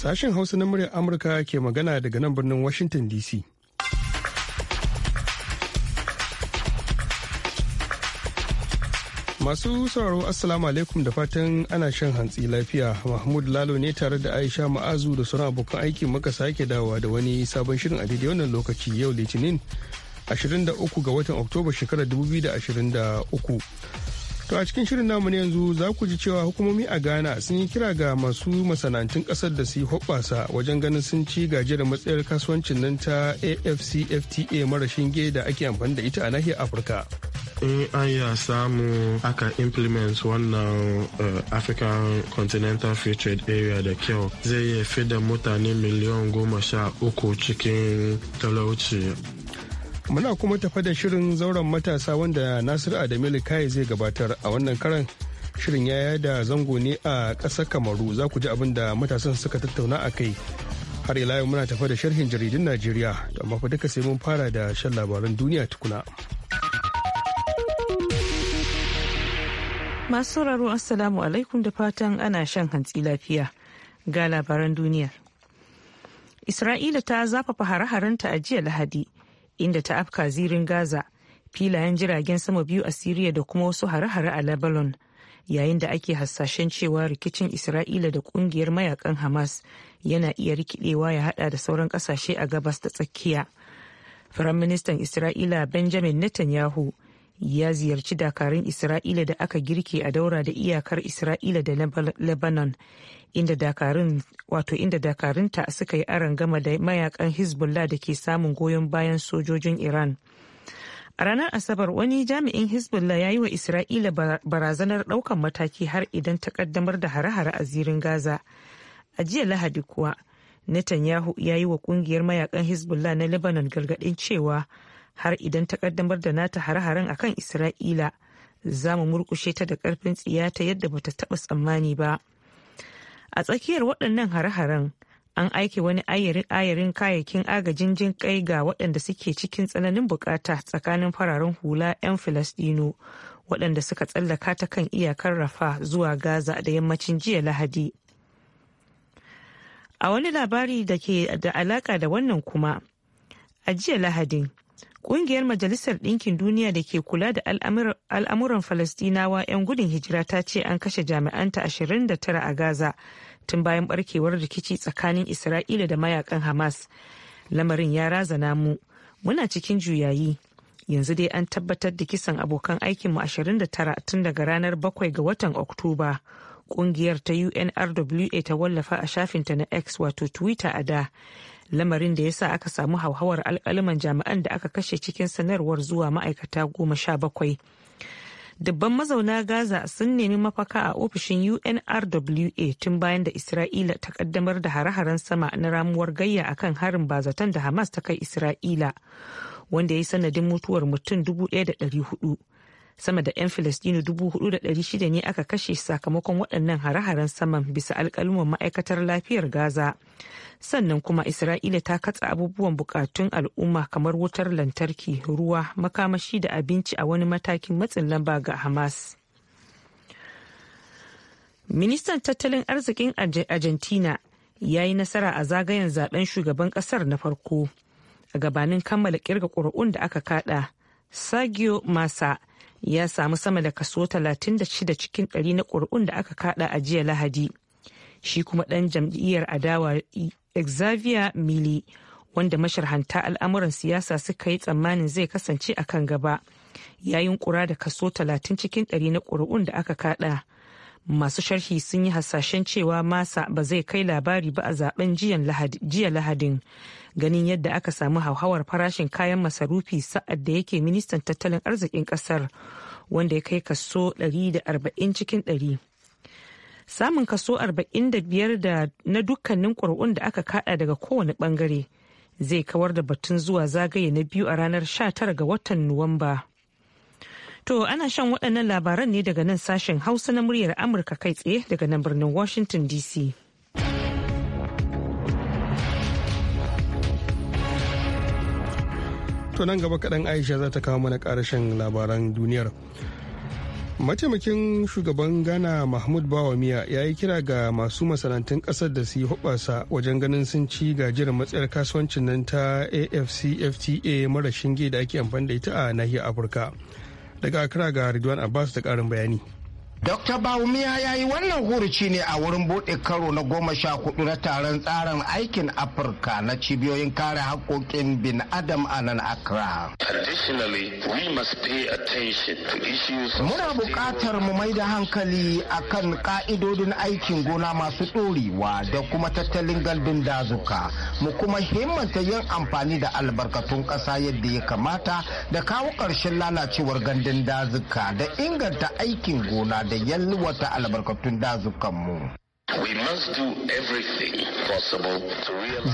Sashen Hausa na muryar Amurka ke magana daga nan birnin Washington DC. Masu sauraro Assalamu alaikum da fatan ana shan hantsi lafiya. Mahmud Lalo ne tare da Aisha Ma'azu da sauran abokan aiki muka sake dawa da wani sabon shirin a daidai wannan lokaci yau Litinin 23 ga watan Oktoba shekarar 2023. To a cikin shirin namu yanzu za ku ji cewa hukumomi a Ghana sun yi kira ga masu masana'antun kasar da su yi hoɓɓasa wajen ganin sun ci gaje da matsayar kasuwancin nan ta AFCFTA mara shinge da ake amfani da ita a nahiyar Afirka. in an ya samu aka implement wannan uh, african continental free trade area da kyau zai iya fi da mutane miliyan goma sha uku cikin talauci Muna kuma tafa da shirin zauren matasa wanda nasiru Adamu Kai zai gabatar a wannan karan. Shirin ya da zango ne a ƙasar Kamaru za ku ji abin da matasan suka tattauna a kai. Har ila yau muna tafa da sharhin jaridun Najeriya, amma fa duka sai mun fara da shan labaran duniya tukuna. Masu sauraro Assalamu alaikum da fatan ana shan hantsi lafiya ga labaran duniya. Isra'ila ta zafafa hare-harenta a jiya Lahadi inda ta afka zirin gaza filayen jiragen sama biyu a siriya da kuma wasu hare-hare a lebanon yayin da ake hasashen cewa rikicin isra'ila da kungiyar mayakan hamas yana iya rikidewa ya hada da sauran kasashe a gabas da tsakiya firaministan isra'ila benjamin netanyahu ya ziyarci dakarun isra'ila da aka girke a daura da iyakar isra'ila da lebanon inda dakarun wato inda dakarunta suka yi aron gama da mayakan hezbollah da ke samun goyon bayan sojojin iran a ranar asabar wani jami'in hezbollah ya yi wa isra'ila barazanar daukan mataki har idan ta kaddamar da hare-hare a zirin gaza a jiya lahadi kuwa netanyahu ya yi wa kungiyar mayakan hezbollah na lebanon gargadin cewa har idan ta kaddamar da nata hare-haren kan isra'ila za mu murkushe ta da karfin tsiyata ta yadda bata taba tsammani ba a tsakiyar waɗannan hare-haren an aike wani ayarin kayayyakin agajin jin kai ga waɗanda suke cikin tsananin bukata tsakanin fararen hula 'yan filastino waɗanda suka tsallaka ta kan iyakar rafa zuwa gaza da yammacin jiya lahadi a wani labari da ke da alaka da wannan kuma a jiya lahadin Ƙungiyar Majalisar Ɗinkin Duniya da ke kula da al'amuran Falastinawa 'yan gudun hijira ta ce an kashe jami'anta 29 a Gaza tun bayan barkewar rikici tsakanin Isra'ila da mayakan Hamas. Lamarin ya razana mu, muna cikin juyayi. Yanzu dai an tabbatar da kisan abokan aikinmu 29 tun daga ranar 7 ga watan Oktoba. Ƙungiyar ta UNRWA ta wallafa a shafinta na X wato Twitter a da. lamarin da ya sa aka samu hauhawar alkaliman jami'an da aka kashe cikin sanarwar zuwa ma'aikata goma sha bakwai dubban mazauna gaza sun nemi mafaka a ofishin unrwa tun bayan da isra'ila ta kaddamar da hare-haren sama na ramuwar gayya akan harin bazatan da hamas ta kai isra'ila wanda ya yi sanadin mutuwar mutum 1400 sama da 'yan filistini 4,600 ne aka kashe sakamakon waɗannan hare-haren saman bisa alƙaluman ma'aikatar lafiyar gaza sannan kuma isra'ila ta katsa abubuwan bukatun al'umma kamar wutar lantarki ruwa makamashi da abinci a wani matakin matsin lamba ga hamas ministan tattalin arzikin argentina ya yi nasara a zagayen zaben shugaban kasar na farko a gabanin kammala kirga ƙuri'un da aka kada sagio masa ya samu sama da kaso 36 cikin 100 na ƙuri'un da aka kada a jiya lahadi shi kuma ɗan jam'iyyar adawa xavier mili wanda masharhanta al'amuran siyasa suka yi tsammanin zai kasance a kan gaba yayin kura da kaso 30 cikin 100 na ƙuri'un da aka kada masu sharhi sun yi hasashen cewa masa ba zai kai labari ba a zaben jiya lahadin ganin yadda aka samu hauhawar farashin kayan masarufi sa'ad da yake ministan tattalin arzikin kasar wanda ya kai kaso 140 cikin 100 samun kaso 45 na dukkanin ƙuri'un da aka kada daga kowane bangare zai kawar da batun zuwa zagaye na biyu a ranar 19 ga watan nuwamba to ana shan waɗannan labaran ne daga nan sashen hausa na muryar amurka kai tsaye daga nan birnin washington dc to nan gaba kaɗan aisha za ta kawo mana ƙarashen labaran duniyar mataimakin shugaban ghana mahmud bawamiya ya yi kira ga masu masana'antun ƙasar da su yi hubasa wajen ganin sun ci gajiyar matsayar kasuwancin nan ta afcfta mara shinge da ake amfani da ita a nahiyar afirka daga akira ga ridwan abbas da ƙarin bayani Dr. Bawumiya ya yi wannan huruci ne a wurin buɗe karo na goma sha hudu na taron tsarin aikin Afirka na cibiyoyin kare haƙoƙin bin Adam a nan Accra. Muna buƙatar mu mai da hankali a kan ƙa'idodin aikin gona masu ɗorewa da kuma tattalin gandun dazuka, mu kuma himmanta yin amfani da albarkatun ƙasa yadda ya kamata da kawo ƙarshen lalacewar gandun dazuka da inganta aikin gona da yalwata albarkatun dazukanmu.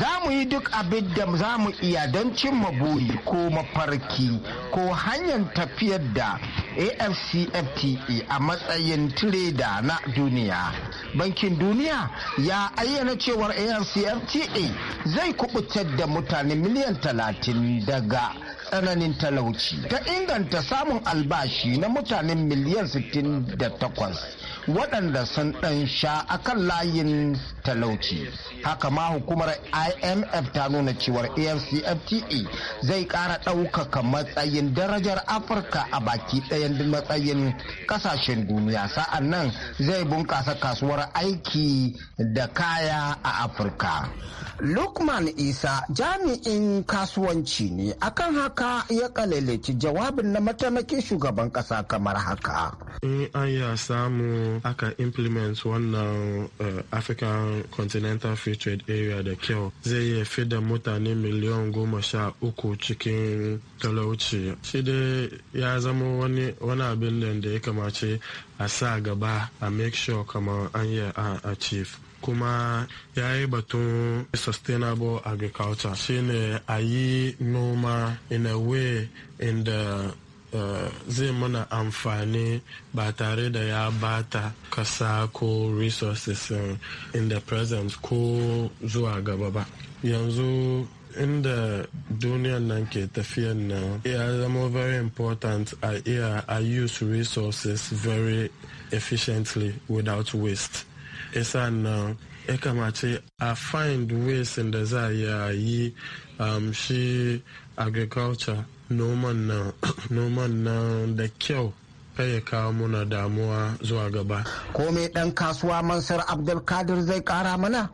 Za mu yi duk abin da za mu iya don cimma buri ko mafarki ko hanyar tafiyar da AFCFTA e a matsayin tireda na duniya bankin duniya ya ayyana cewar AFCFTA e zai kubutar da mutane miliyan talatin daga tsananin talauci ta inganta samun albashi na mutanen miliyan 68 waɗanda sun ɗan sha akan layin talauci haka ma hukumar imf ta nuna cewar afcfta e zai ƙara ɗaukaka matsayin darajar afirka a baki ɗaya matsayin matsayin kasashen duniya sa'an nan zai bunkasa kasuwar aiki da kaya a afirka Lukman Isa jami'in kasuwanci ne akan haka ya kalalaci jawabin na mataimakin shugaban kasa kamar haka. In an ya samu aka implement wannan eh, African Continental Free Trade Area da kyau zai iya da mutane miliyan goma sha uku cikin talauci. Shi dai ya zama wani abin da ya kamace a sa gaba a make sure kamar an yi a achieve. kuma ya yi batun sustainable agriculture shine a yi noma in a way in uh, eh, zai mana amfani ba tare da ya bata kasa ko resources eh, in the present ko zuwa gaba ba yanzu inda duniyar nan ke tafiyan nan ya zama very important a iya a use resources very efficiently without waste isa nan ya kamace a find ways da za a yi um, shi agriculture noman nan da kyau kai ya kawo muna damuwa zuwa gaba. komai dan kasuwa mansar Abdulkadir zai kara mana?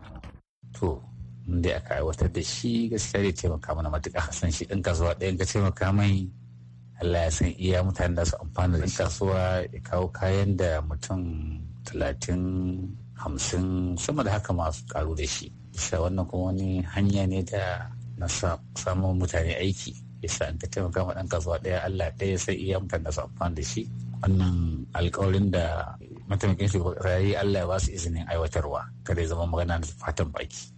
To, inda aka aiwatar da shi gaskiya zai taimaka mana matuƙa hasan shi ɗan kasuwa ɗayan ka taimaka mai Allah ya san iya mutane da su amfana da kasuwa ya kawo kayan da mutum talatin hamsin sama da haka masu karu da shi bisa wannan kuma wani hanya ne da na samun mutane aiki bisa an ta taimaka ma ɗan kasuwa ɗaya allah ɗaya sai iya mutane su amfani da shi wannan alkawarin da mataimakin shugaban ƙasa ya allah ya ba su izinin aiwatarwa kada ya zama magana da fatan baki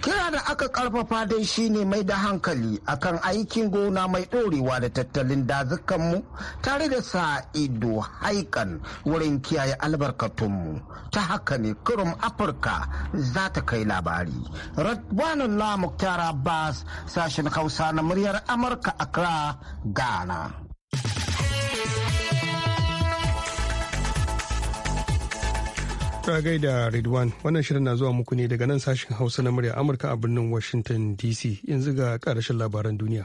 kira da aka karfafa dai ne mai da hankali akan aikin gona mai ɗorewa da tattalin dazukanmu tare da sa ido haikan wurin kiyaye albarkatunmu ta haka ne kurum afirka za ta kai labari radwanullah muktar bas sashen hausa na muryar amurka a accra ghana Ta gaida Ridwan wannan shirin na zuwa muku ne daga nan sashen Hausa na murya Amurka a birnin Washington DC yanzu ga karashin labaran duniya.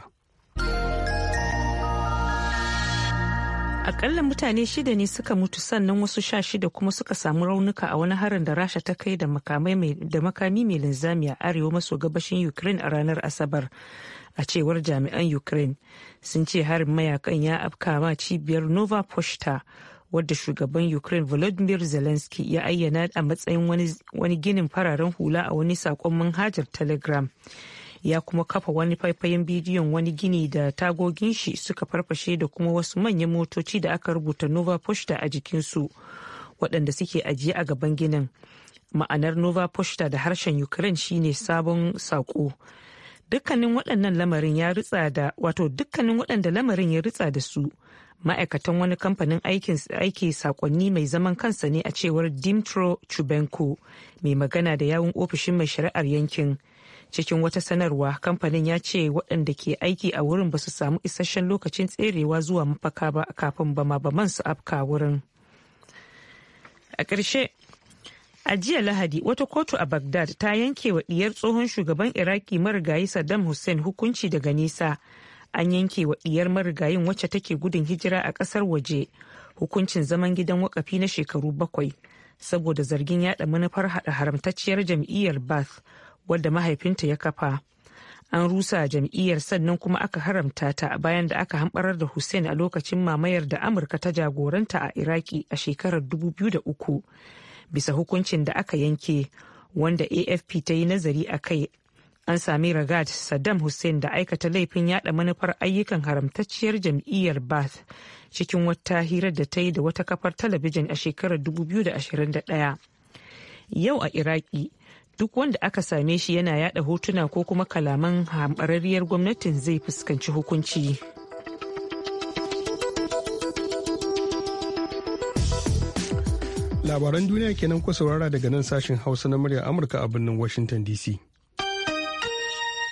Akalla mutane shida ne suka mutu sannan wasu sha shida kuma suka samu raunuka a wani harin da Rasha ta kai da makami mai linzami a arewa maso gabashin Ukraine a ranar Asabar. a cewar jami'an ukraine sun ce harin mayakan ya afka ma cibiyar nova poshta wadda shugaban ukraine volodymyr zelensky ya ayyana a matsayin wani ginin fararen hula a wani sakon manhajar telegram ya kuma kafa wani faifayen bidiyon wani gini da tagogin shi suka farfashe da kuma wasu manyan motoci da aka rubuta nova posta a jikinsu waɗanda suke ajiye a gaban ginin ma'anar nova posta da harshen ukraine shine sabon sako dukkanin waɗannan lamarin ya ritsa da wato dukkanin waɗanda lamarin ya ritsa da su ma'aikatan wani kamfanin aiki sakonni mai zaman kansa ne a cewar dimtro chubenko mai magana da yawun ofishin mai shari'ar yankin cikin wata sanarwa kamfanin ya ce waɗanda ke aiki a wurin ba su samu isasshen lokacin tserewa zuwa mafaka ba kafin bama-baman su afka wurin a ƙarshe a jiya lahadi wata kotu a bagdad ta yanke wa ɗiyar tsohon shugaban iraki marigayi saddam hussein hukunci daga nisa an yanke wa diyar marigayin wacce take gudun hijira a kasar waje hukuncin zaman gidan wakafi na shekaru bakwai saboda zargin yada manufar hada haramtacciyar jam'iyyar bath wadda mahaifinta ya kafa an rusa jam'iyyar sannan kuma aka haramta ta bayan da aka hambarar da hussein a lokacin mamayar da amurka ta jagoranta a iraki a shekarar dubu biyu da uku bisa hukuncin da aka yanke wanda afp ta yi nazari a kai an sami ragad saddam hussein da aikata laifin yada manufar ayyukan haramtacciyar jam'iyyar bath cikin wata hirar da ta yi da wata kafar talabijin a shekarar 2021 yau a iraki duk wanda aka same shi yana yada hotuna ko kuma kalaman hambarariyar gwamnatin zai fuskanci hukunci labaran duniya kenan ku saurara daga nan sashen hausa na murya amurka a birnin washington dc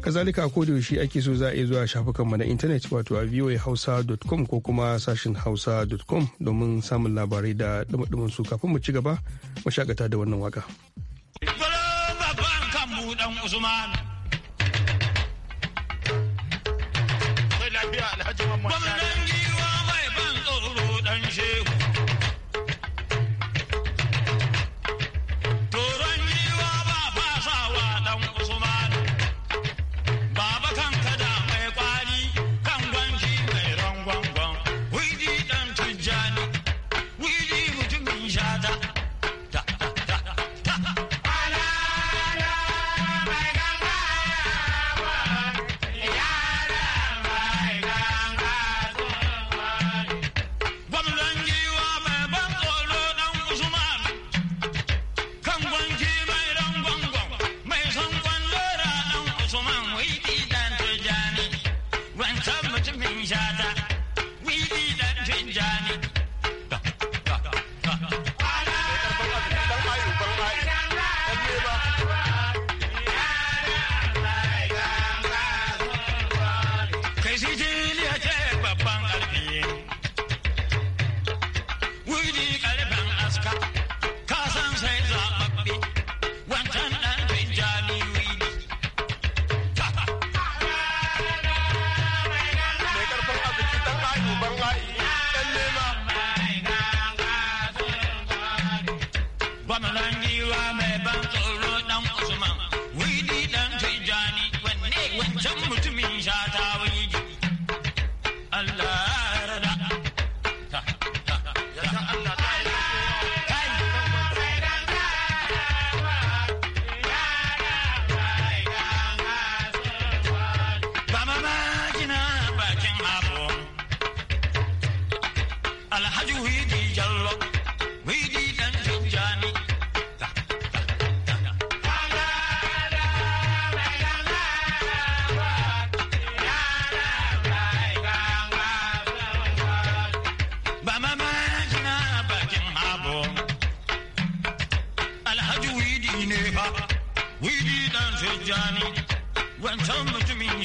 kazalika ko da yaushe ake so za a iya zuwa mu na intanet wato a voahausa.com ko kuma sashin hausa.com domin samun labarai da dumadumin su kafin mu ci gaba mu shagata da wannan waka. Gwamnan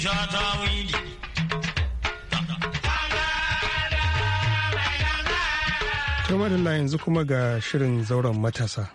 sha da yanzu kuma ga shirin zauren matasa.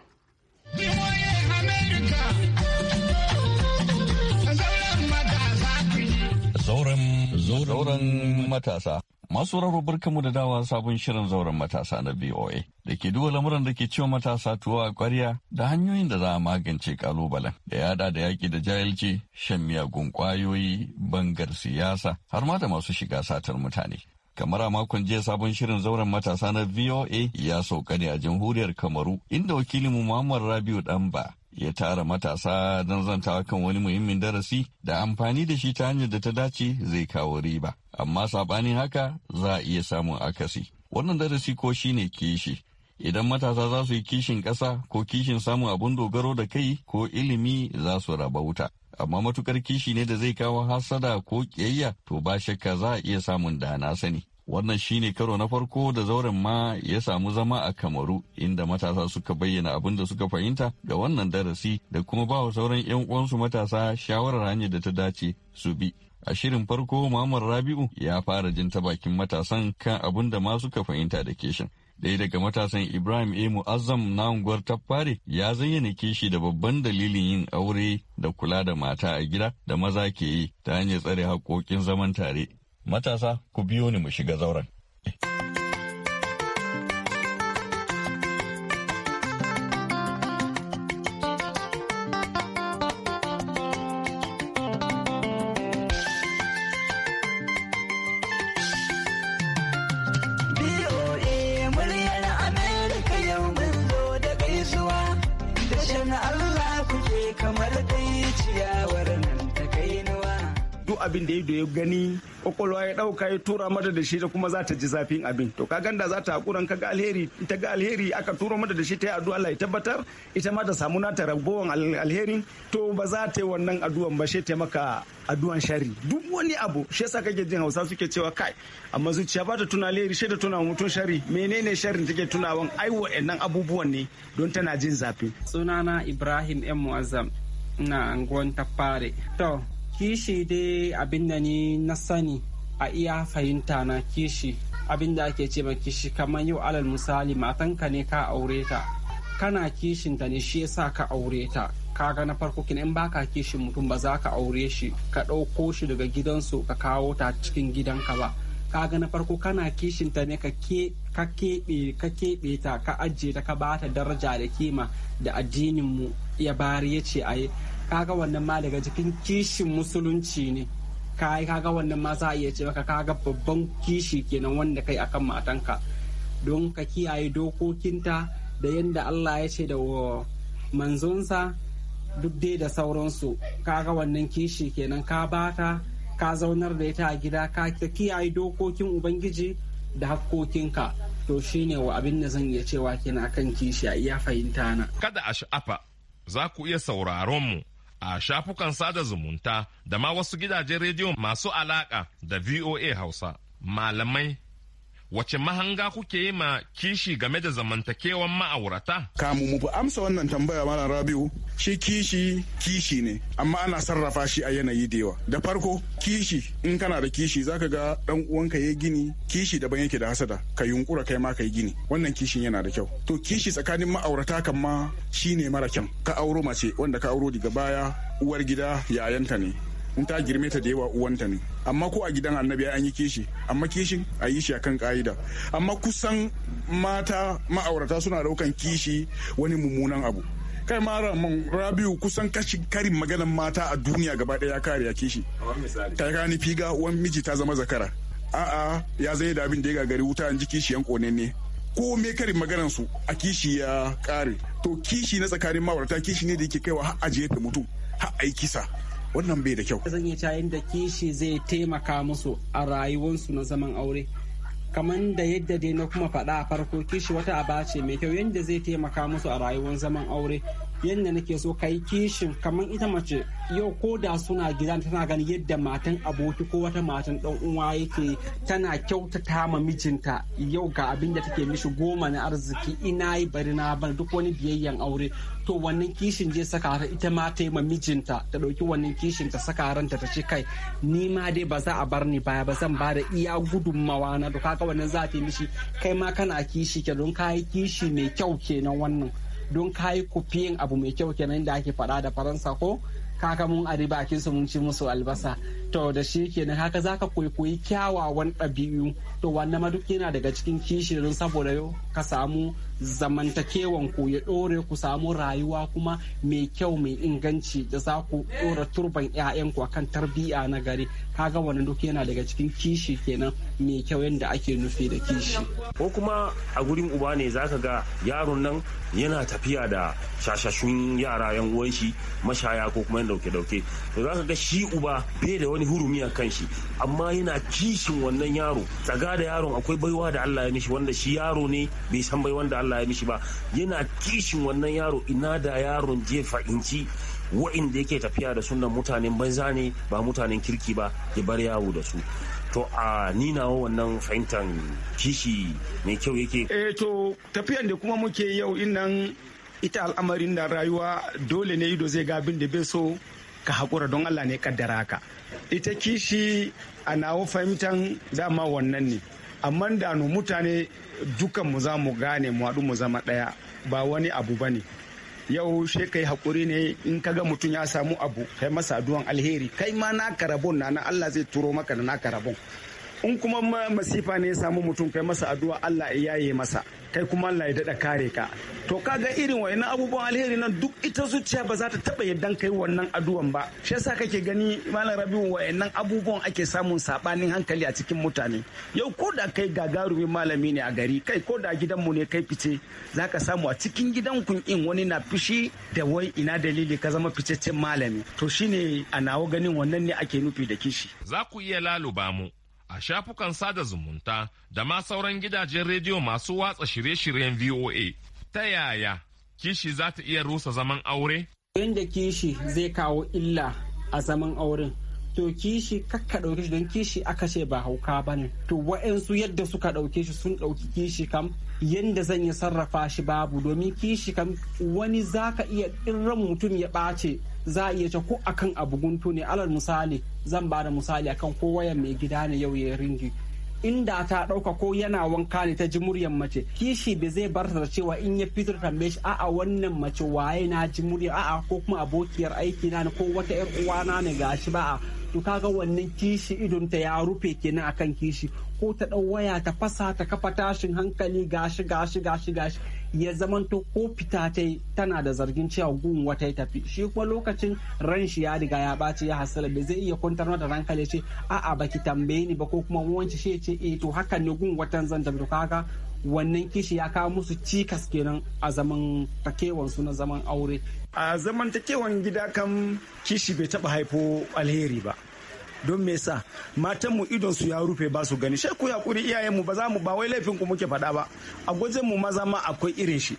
Zauren matasa. Masu raro barkamu da dawa sabon shirin zauren matasa na VOA da ke duwa lamuran da ke ciwo matasa tuwa a kwarya da hanyoyin da za a magance kalubalen da ya da da yaƙi da jahilci, shan miyagun ƙwayoyi, bangar siyasa har ma da masu shiga satar mutane. kamar a makon jiya sabon shirin zauren matasa na VOA ya sauka ne a jamhuriyar Kamaru inda wakilinmu Muhammad Rabiu Danba ya tara matasa don zantawa kan wani muhimmin darasi da amfani da shi ta hanyar da ta dace zai kawo riba. Amma saɓanin haka za a iya samun akasi. Wannan darasi ko shi ne kishi. Idan matasa za su yi kishin ƙasa ko kishin samun abun dogaro da kai ko ilimi za su raba wuta. Amma matukar kishi ne da zai kawo hasada ko kiyayya to ba shakka za a iya samun da na sani. wannan shine karo na farko da zauren ma ya samu zama a kamaru inda matasa suka bayyana abin da suka fahimta ga wannan darasi da kuma ba wa sauran 'yan uwansu matasa shawarar hanyar da ta dace su bi a shirin farko muhammad rabi'u ya fara jin ta bakin matasan kan abin da ma suka fahimta da keshin ɗaya daga matasan ibrahim a mu'azzam na unguwar tafare ya zayyana kishi da babban dalilin yin aure da kula da mata a gida da maza ke yi ta hanyar tsare haƙoƙin zaman tare Matasa, ku biyo ni mu shiga zauren. abin da ido ya gani kwakwalwa ya dauka ya tura mata da shi da kuma za ta ji zafin abin to ka ganda za ta hakuran ka ga alheri ita ga alheri aka tura mata da shi ta yi addu'a Allah ya tabbatar ita ma ta samu nata ragowan alheri to ba za ta yi wannan addu'an ba shi ta maka addu'an shari duk wani abu shi yasa kake jin Hausa suke cewa kai amma zuciya ba ta tuna alheri shi da tuna mutum shari menene sharrin take tunawan ai wa'annan abubuwan ne don tana jin zafi sunana Ibrahim M Muazzam na anguwan to kishi dai abin da ni na sani a iya fahimta na kishi abin da ake ce ma kishi kamar yau alal misali matanka ne ka aure ta kana kishin ta ne shi yasa ka aure ta kaga na farko kin in baka kishin mutum ba za ka aure shi ka ɗauko shi daga gidansu ka kawo ta cikin gidanka ba kaga na farko kana ta ne ka keɓe ka keɓe ta ka ajiye ta ka bata daraja da kima da addinin mu ya bari ya ce a yi kaga wannan ma daga cikin kishin musulunci ne kai kaga wannan ma za a iya ce maka kaga babban kishi kenan wanda kai akan matanka don ka kiyaye dokokinta da yadda Allah ya ce da manzonsa duk dai da sauransu kaga wannan kishi kenan ka bata ka zaunar da ita a gida ka kiyaye dokokin ubangiji da hakkokinka to shine wa abin da zan iya cewa kina kan kishi a iya fahimta na kada a sha'afa za ku iya sauraron mu a shafukan sada zumunta da ma wasu gidajen rediyo masu alaka da VOA Hausa. Malamai wace mahanga kuke yi ma kishi game da zamantakewan ma'aurata? Kamu mu amsa wannan tambaya mana Rabiu shi kishi kishi ne amma ana sarrafa shi a yanayi da yawa. Da farko kishi in kana da kishi zaka ga dan uwanka ya gini kishi daban yake da hasada ka yunkura kai ma ka yi gini wannan kishin yana da kyau. To kishi tsakanin ma'aurata kan ma ne mara kyan ka auro mace wanda ka auro daga baya uwar gida yayanta ne in ta girme ta da yawa uwanta ne amma ko a gidan annabi an yi kishi amma kishin a yi shi akan ka'ida amma kusan mata ma'aurata suna daukan kishi wani mummunan abu kai ma man rabiu kusan kashi karin maganan mata a duniya gaba ɗaya ya kare ya kishi ta gani figa wani miji ta zama zakara a'a ya zai da abin da ya gagari wuta an ji kishiyan kone ne ko me karin maganan su a kishi ya kare to kishi na tsakanin ma'aurata kishi ne da yake kaiwa har a jefe mutum har a yi kisa wannan bai da kyau zan yi ta yadda kishi zai taimaka musu a rayuwarsu na zaman aure kaman da yadda dai na kuma faɗa a farko kishi wata aba ce mai kyau yadda zai taimaka musu a rayuwar zaman aure yadda nake so ka kishin kamar ita mace yau ko da suna gida tana gani yadda matan aboki ko wata matan dan uwa yake tana kyautata ma mijinta yau ga abin da take mishi goma na arziki ina yi bari na bar duk wani biyayyen aure to wannan kishin je saka ta ita ma ta yi ma mijinta ta dauki wannan kishin ta saka ranta ta ce kai ni ma dai ba za a bar ni baya ba zan ba da iya gudunmawa na to kaga wannan za ta yi mishi kai ma kana kishi ke don ka kishi mai kyau kenan wannan don kayi yi kufiyin abu mai kyau kenan da ake fada da faransa ko kaka mun ari bakin su mun ci musu albasa to da shi kenan haka za ka koyi kyawawan ɗabi'u to wannan ma duk yana daga cikin kishirin saboda ka samu zamantakewan ku ya ɗore ku samu rayuwa kuma mai kyau mai inganci da za ku ɗora turban 'ya'yanku akan tarbiyya na gari kaga wani duk yana daga cikin kishi kenan mai kyau yadda ake nufi da kishi ko kuma a gurin uba ne za ka ga yaron nan yana tafiya da shashashun yara yan uwan shi mashaya ko kuma dauke dauke to ka ga shi uba bai da wani hurumi a kan shi amma yana kishin wannan yaro tsaga da yaron akwai baiwa da Allah ya mishi wanda shi yaro ne bai san baiwan da Allah Allah ya mishi ba yana kishin wannan yaro ina da yaron je fa'inci wa'inda yake tafiya da sunan mutanen banza ne ba mutanen kirki ba ya bar yawo da su to a ninawa wannan fahimtar kishi mai kyau yake eh to tafiyan da kuma muke yau innan ita al'amarin da rayuwa dole ne ido zai gabin da bai so ka haƙura don Allah ne kaddara ka ita kishi a nawo fahimtar dama wannan ne amma da no mutane dukan mu za mu gane mu haɗu mu zama ɗaya ba wani abu ba ne yau she kai hakuri ne in kaga mutum ya samu abu kai masa addu'an alheri kai ma naka rabon na na Allah zai turo maka da naka rabon in kuma masifa ne ya samu mutum kai masa addu'a Allah ya yaye masa kai kuma Allah ya dada kare ka to kaga irin wayannan abubuwan alheri nan duk ita zuciya ba za ta taba yaddan kai wannan addu'an ba shi yasa kake gani malam Rabiu wayannan abubuwan ake samun sabanin hankali a cikin mutane yau ko da kai gagarumi malami ne a gari kai ko da gidan mu ne kai fice zaka samu a cikin gidan kun in wani na fishi da wai ina dalili ka zama ficeccen malami to shine a nawo ganin wannan ne ake nufi da kishi za ku iya laluba mu a shafukan sada zumunta da ma sauran gidajen rediyo masu watsa shirye-shiryen VOA. Ta yaya kishi za ta iya rusa zaman aure? Yanda kishi zai kawo illa a zaman auren. to kishi kakka ɗauke shi don kishi aka ce ba hauka ba ne to wa'yansu yadda suka ɗauke shi sun ɗauki kishi kam yadda zan yi sarrafa shi babu domin kishi kam wani zaka iya irin ran mutum ya ɓace za a iya ce ko akan abu guntu ne alal misali zan ba da misali akan ko wayan mai gida ne yau ya ringi inda ta dauka ko yana wanka ne ta ji muryar mace kishi bai zai bar da cewa in ya fito tambaye shi a'a wannan mace waye na ji muryar a'a ko kuma abokiyar aiki na ne ko wata yar uwana ne gashi ba a to kaga wannan kishi idon ta ya rufe kenan akan kishi ko ta ɗau waya ta fasa ta kafa tashin hankali gashi gashi gashi gashi ya zamanto ko fita ta tana da zargin cewa gun wata ya tafi shi kuma lokacin ran shi ya riga ya ɓaci ya hasala bai zai iya kwantar da ranka ya ce a'a baki tambaye ni ba ko kuma wancan shi ya ce eh to haka ne gun watan zan tafi kaga wannan kishi ya kawo musu cikas kenan a zaman su na zaman aure a zaman takewan gida kan kishi bai taba haifo alheri ba don me yasa matan mu idon su ya rufe ba su gani sai ku yakuri iyayen mu ba za mu ba wai laifin ku muke faɗa ba a gwajin mu maza ma akwai irin shi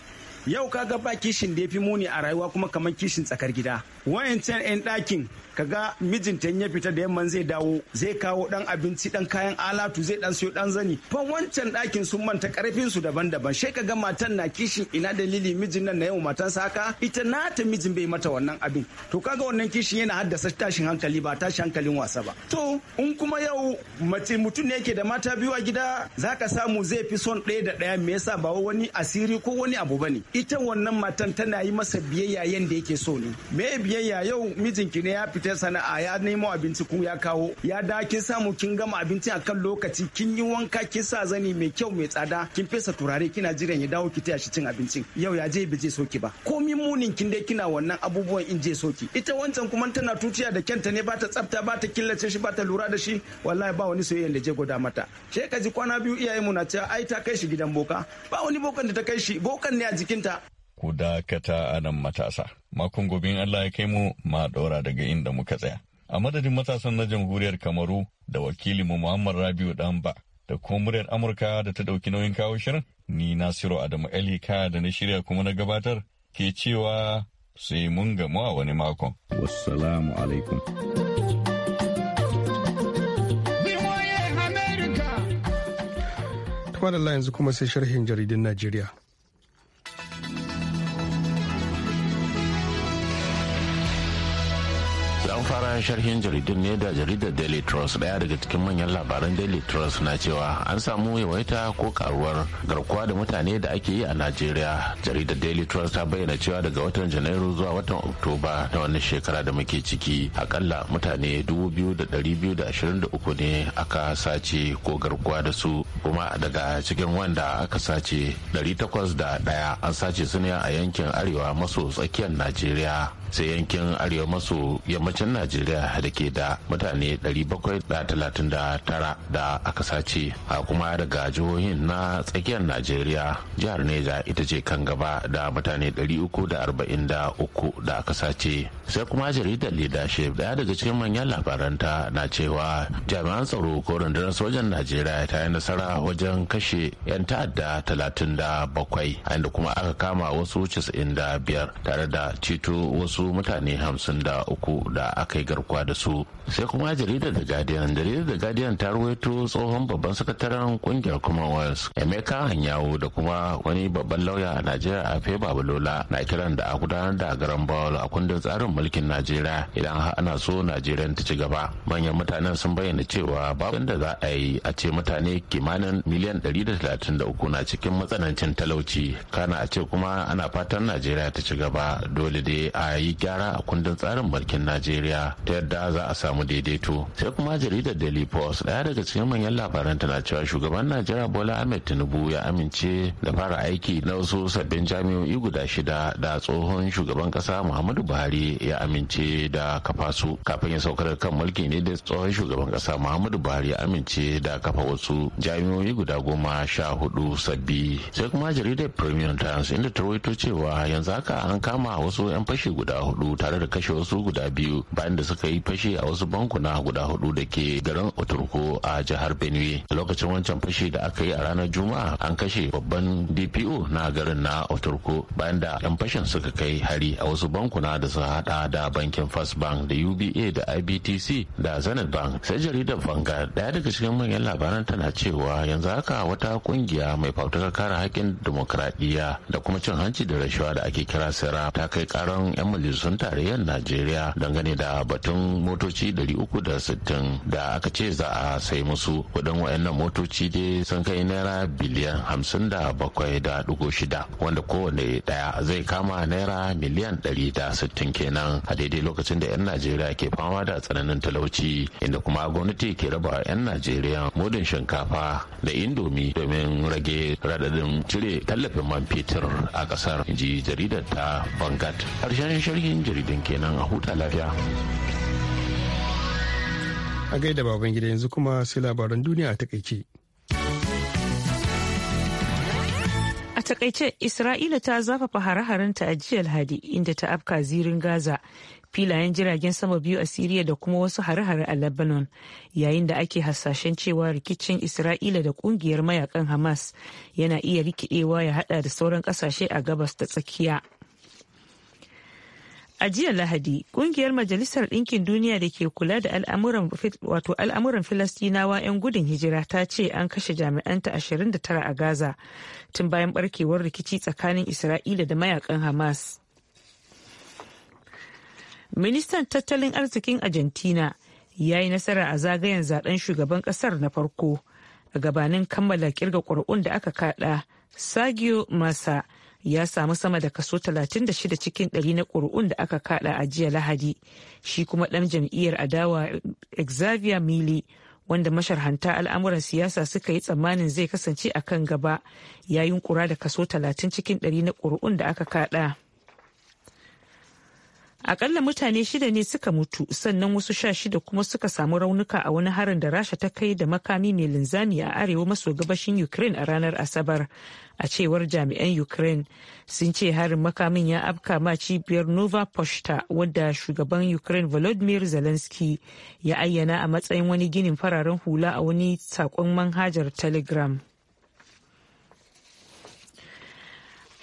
yau kaga ba kishin da ya fi muni a rayuwa kuma kamar kishin tsakar gida wayancan 'yan ɗakin kaga mijinta ya fita da yamman zai dawo zai kawo dan abinci dan kayan alatu zai dan siyo dan zani fa wancan ɗakin sun manta karfin su daban-daban sai kaga matan na kishin ina dalili mijin nan na yau matan saka ita nata mijin bai mata wannan abin to kaga wannan kishin yana haddasa tashin hankali ba tashin hankalin wasa ba to in kuma yau mace mutum ne yake da mata biyu a gida zaka samu zai fi son ɗaya da ɗaya me yasa ba wani asiri ko wani abu bane ita wannan matan tana yi masa biyayya yadda yake so ne me biyayya yau mijinki ne ya fita sana'a ya nemo abinci ku ya kawo ya da kin samu kin gama abinci akan lokaci kin yi wanka kin sa zani mai kyau mai tsada kin fesa turare kina jiran ya dawo ki taya shi cin abincin yau ya je bai je soki ba min munin kin dai kina wannan abubuwan in je soki ita wancan kuma tana tuciya da kyanta ne ba ta tsafta ba ta killace shi ba ta lura da shi wallahi ba wani soyayya da je goda mata sai ka kwana biyu iyayen mu na cewa ai ta kai shi gidan boka ba wani bokan da ta kai shi bokan ne a jikin ta. Ku dakata a nan matasa. Makon gobe Allah ya kai mu ma ɗora daga inda muka tsaya. A madadin matasan na jamhuriyar Kamaru da wakili Muhammad Rabiu Danba da kuma muryar Amurka da ta ɗauki nauyin kawo shirin ni Nasiru Adamu Ali da na shirya kuma na gabatar ke cewa sai mun gamu a wani makon. Wassalamu alaikum. Kwanan yanzu kuma sai sharhin jaridun Najeriya. an fara sharhin jaridun ne da jaridar daily trust daya daga cikin manyan labaran daily trust na cewa an samu yawaita ko karuwar garkuwa da mutane da ake yi a najeriya jaridar daily trust ta bayyana cewa daga watan janairu zuwa watan oktoba na wannan shekara da muke ciki akalla mutane 2,223 ne aka sace ko garkuwa da su kuma daga cikin wanda aka sace da 801 an sace su ne a yankin arewa maso tsakiyar najeriya sai yankin arewa maso yammacin najeriya da ke da mutane 739 da aka sace a kuma daga jihohin na tsakiyar najeriya jihar neja ita ce kan gaba da mutane 343 da aka sace sai kuma jaridar leadership daya daga cikin manyan labaranta na cewa jami'an tsaro ko rundunar sojan najeriya ta yi nasara wajen kashe 'yan ta'adda 37 inda kuma aka kama wasu 95 tare da ceto wasu su mutane hamsin da uku da aka yi garkuwa da su sai kuma jaridar da guardian jaridar da guardian ta ruwaito tsohon babban sakataren kungiyar commonwealth emeka hanyawo da kuma wani babban lauya a najeriya a fe babalola na kiran da a gudanar da garan bawal a kundin tsarin mulkin najeriya idan har ana so najeriya ta ci gaba manyan mutanen sun bayyana cewa babu da za a yi a ce mutane kimanin miliyan 133 na cikin matsanancin talauci kana a ce kuma ana fatan najeriya ta ci gaba dole dai a yi gyara a kundin tsarin mulkin najeriya ta yadda za a samu daidaito sai kuma jaridar daily post daya daga cikin manyan labaran tana cewa shugaban najeriya bola ahmed tinubu ya amince da fara aiki na wasu sabbin jami'o'i guda shida da tsohon shugaban kasa muhammadu buhari ya amince da kafa su kafin ya saukar kan mulki ne da tsohon shugaban kasa muhammadu buhari ya amince da kafa wasu jami'o'i guda goma sha hudu sabbi sai kuma jaridar premium times inda ta rawaito cewa yanzu haka an kama wasu 'yan fashi guda hudu tare da kashe wasu guda biyu bayan da suka yi fashe a wasu bankuna guda hudu da ke garin oturko a jihar benue a lokacin wancan fashe da aka yi a ranar juma'a an kashe babban dpo na garin na oturko bayan da yan fashen suka kai hari a wasu bankuna da suka hada da bankin first bank da uba da ibtc da zenith bank sai jaridar vanguard daya daga cikin manyan labaran tana cewa yanzu haka wata kungiya mai fafutukar kare haƙƙin demokradiyya da kuma cin hanci da rashawa da ake kira sera ta kai karan yan tare tarayyar najeriya dangane da batun motoci 360 da aka ce za a sai musu kudin wayannan motoci dai sun kai naira biliyan 57.6 wanda kowane daya zai kama naira miliyan 160 kenan a daidai lokacin da 'yan najeriya ke fama da tsananin talauci inda kuma gwamnati ke raba 'yan najeriya mudin shinkafa da indomi domin rage radadin cire tallafin man fetur a kasar ji jaridar ta bangat harshen sharhin jaridan kenan a huta lafiya a gaida baban gida yanzu kuma sai labaran duniya a takaice a takaice isra'ila ta zafafa hare-harenta a jiya alhadi inda ta afka zirin gaza filayen jiragen sama biyu a Siriya da kuma wasu hare-hare a Lebanon yayin da ake hasashen cewa rikicin Isra'ila da kungiyar mayakan Hamas yana iya rikidewa ya hada da sauran kasashe a gabas da tsakiya. A jiya Lahadi, kungiyar Majalisar Ɗinkin Duniya da ke kula da al'amuran wato al'amuran Filistinawa 'yan gudun hijira ta ce an kashe jami'anta 29 a Gaza tun bayan barkewar rikici tsakanin Isra'ila da mayakan Hamas. Ministan tattalin arzikin Argentina ya yi nasara a zagayen zaben shugaban kasar na farko gabanin kammala kirga ƙuri'un da aka kada sagio Massa. ya samu sama da kaso 36 cikin 100 na ƙuri'un da aka kaɗa a jiya lahadi shi kuma ɗan jam'iyyar adawa eh, xavier mili wanda masharhanta al'amuran siyasa suka yi tsammanin zai kasance a kan gaba yayin kura da kaso 30 cikin 100 na ƙuri'un da aka kaɗa. akalla mutane shida ne suka mutu sannan wasu sha shida kuma suka samu raunuka a wani harin da rasha ta kai da makami mai linzami a arewa maso gabashin ukraine a ranar asabar a cewar jami'an ukraine sun ce harin makamin ya afka ma cibiyar nova poshta wadda shugaban ukraine volodymyr zelensky ya ayyana a matsayin wani ginin fararen hula a wani saƙon manhajar telegram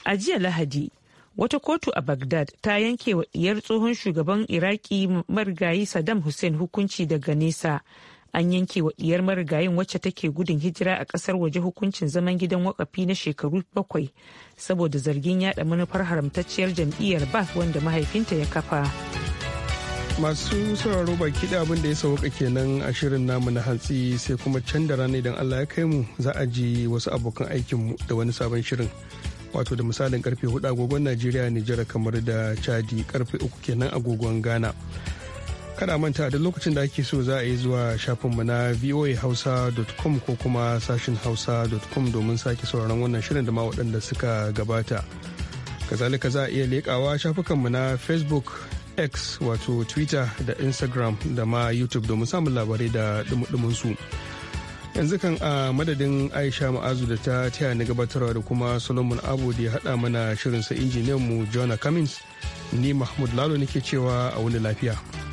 a jiya lahadi wata kotu a baghdad ta yanke wa ɗiyar tsohon shugaban iraki marigayi saddam hussein hukunci daga nesa an yanke wa ɗiyar marigayin wacce take gudun hijira a ƙasar waje hukuncin zaman gidan wakafi na shekaru bakwai saboda zargin yada manufar haramtacciyar jam'iyyar bath wanda mahaifinta ya kafa masu sauraro baki da abin da ya sauka kenan a shirin namu na hantsi sai kuma can da rana idan allah ya kai mu za a ji wasu abokan aikinmu da wani sabon shirin wato da misalin karfe 4 agogon najeriya nijar kamar da chadi karfe 3 kenan agogon ghana kada manta da lokacin da ake so za a yi zuwa shafinmu na voahausa.com ko kuma sashin hausa.com domin sake sauraron wannan shirin da ma waɗanda suka gabata kazalika za a iya leƙawa shafukanmu na facebook x wato twitter da instagram da ma youtube domin samun labarai da dumudumin su. yanzu kan a madadin aisha ma'azu da ta taya ni gabatarwa da kuma solomon abu da ya haɗa mana shirinsa injiniyanmu injiniyan mu jona cummins ni mahmud lalo nake cewa a wani lafiya